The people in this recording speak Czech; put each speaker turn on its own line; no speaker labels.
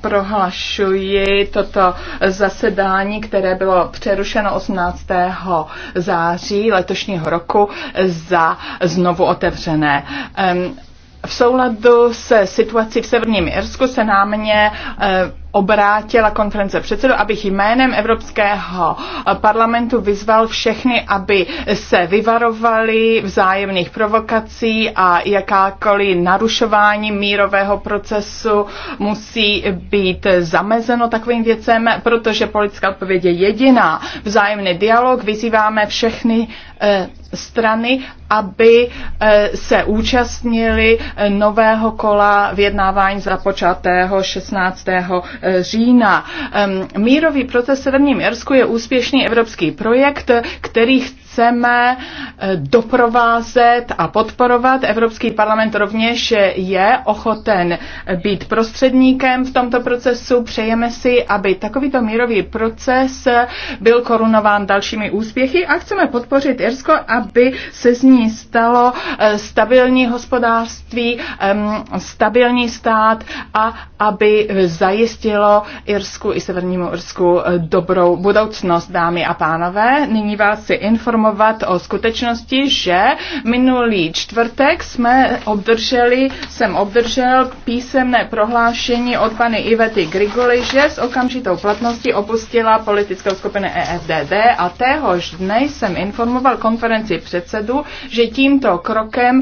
Prohlašuji toto zasedání, které bylo přerušeno 18. září letošního roku za znovu otevřené v souladu se situací v Severním Irsku se na mě eh, obrátila konference předsedu, abych jménem Evropského eh, parlamentu vyzval všechny, aby se vyvarovali vzájemných provokací a jakákoliv narušování mírového procesu musí být zamezeno takovým věcem, protože politická odpověď je jediná. Vzájemný dialog vyzýváme všechny eh, strany, aby eh, se účastnili eh, nového kola vyjednávání započatého 16. Eh, října. Ehm, mírový proces v Severním Jersku je úspěšný evropský projekt, který chceme doprovázet a podporovat. Evropský parlament rovněž je ochoten být prostředníkem v tomto procesu. Přejeme si, aby takovýto mírový proces byl korunován dalšími úspěchy a chceme podpořit Irsko, aby se z ní stalo eh, stabilní hospodářství, stabilní stát a aby zajistilo Irsku i Severnímu Irsku eh, dobrou budoucnost, dámy a pánové. Nyní vás si informovat o skutečnosti, skutečnosti, že minulý čtvrtek jsme obdrželi, jsem obdržel písemné prohlášení od pany Ivety Grigoli, že s okamžitou platností opustila politickou skupinu EFDD a téhož dne jsem informoval konferenci předsedu, že tímto krokem